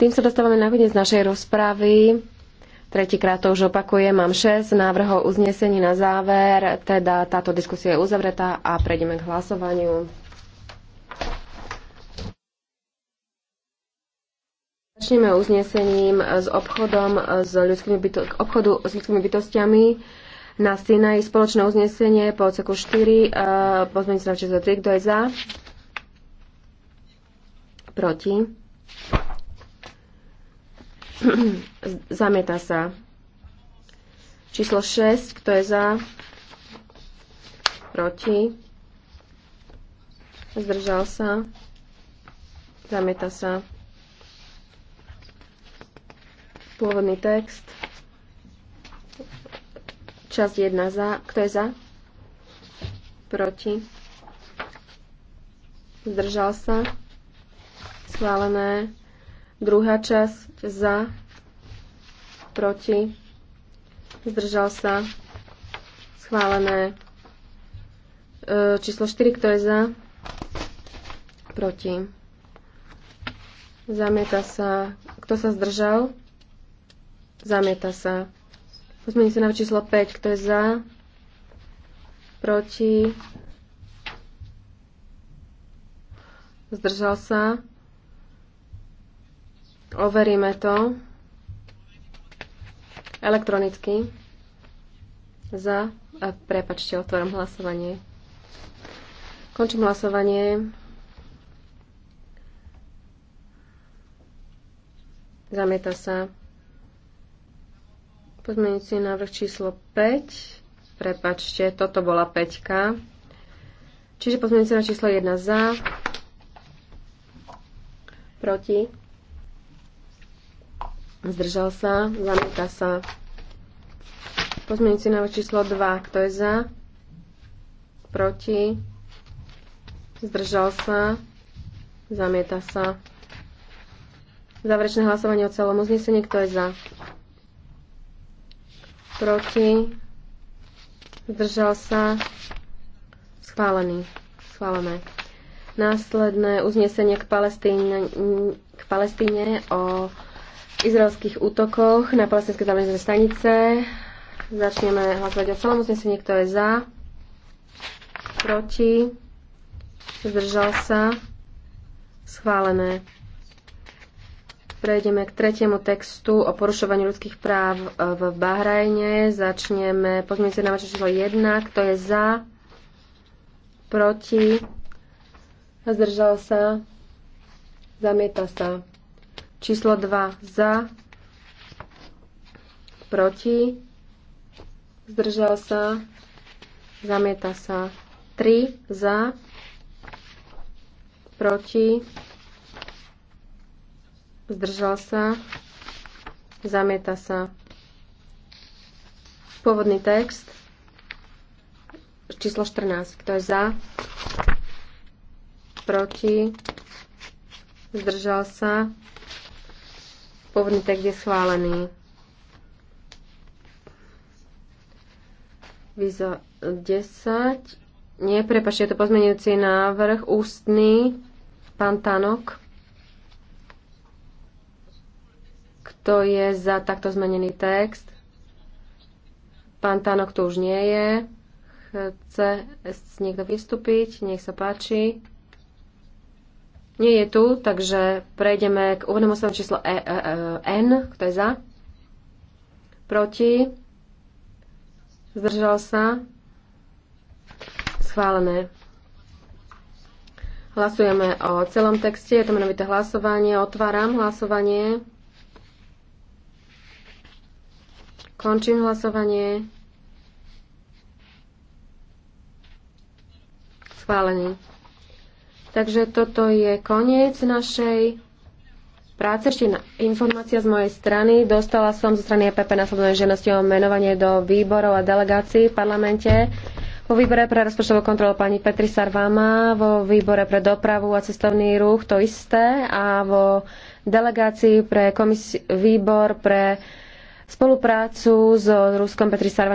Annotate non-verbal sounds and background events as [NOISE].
Tým sa dostávame na koniec našej rozpravy. Tretíkrát to už opakujem, mám 6 návrhov uznesení na záver, teda táto diskusia je uzavretá a prejdeme k hlasovaniu. Začneme uznesením s obchodom s ľudskými byto- obchodu s ľudskými bytostiami na Sinaj. Spoločné uznesenie po odseku 4, uh, pozmeňte sa na 3, kto je za? Proti? [CLEARS THROAT] Zamieta sa. Číslo 6, kto je za? Proti. Zdržal sa. Zamieta sa. Pôvodný text. Časť 1 za. Kto je za? Proti. Zdržal sa. Schválené. Druhá časť za, proti, zdržal sa, schválené. E, číslo 4, kto je za, proti, zamieta sa, kto sa zdržal, zamieta sa. Pozmení sa na číslo 5, kto je za, proti, zdržal sa, Overíme to elektronicky. Za. A prepačte, otvorím hlasovanie. Končím hlasovanie. Zamieta sa. Pozmeňujúci návrh číslo 5. Prepačte, toto bola 5. Čiže pozmeňujúci na číslo 1 za. Proti. Zdržal sa. Zamieta sa. Pozmeňujúci návrh číslo 2. Kto je za? Proti? Zdržal sa. Zamieta sa. Záverečné hlasovanie o celom uznesení. Kto je za? Proti? Zdržal sa? Schválený. Schválené. Následné uznesenie k Palestíne, k Palestíne o izraelských útokoch na palestinské záležité stanice. Začneme hlasovať o celom uznesení, kto je za, proti, zdržal sa, schválené. Prejdeme k tretiemu textu o porušovaní ľudských práv e, v Bahrajne. Začneme pozmienice na číslo 1, kto je za, proti, zdržal sa, zamieta sa. Číslo 2 za, proti, zdržal sa, zamieta sa. 3 za, proti, zdržal sa, zamieta sa. Pôvodný text, číslo 14, kto je za, proti, zdržal sa, Pôvodný text je schválený. Vizo 10. Nie, prepačte, je to pozmenujúci návrh. Ústny. Pán Tanok. Kto je za takto zmenený text? Pán Tanok tu už nie je. Chce niekto vystúpiť? Nech sa páči. Nie je tu, takže prejdeme k úvodnému slovu číslo e, e, e, N. Kto je za? Proti? Zdržal sa? Schválené. Hlasujeme o celom texte. Je to menovité hlasovanie. Otváram hlasovanie. Končím hlasovanie. Schválený. Takže toto je koniec našej práce. Ešte informácia z mojej strany. Dostala som zo strany EPP slobodnej ženosti o menovanie do výborov a delegácií v parlamente. Vo výbore pre rozpočtovú kontrolu pani Petri Sarvama, vo výbore pre dopravu a cestovný ruch to isté a vo delegácii pre výbor pre spoluprácu s Ruskom Petri Sarvama.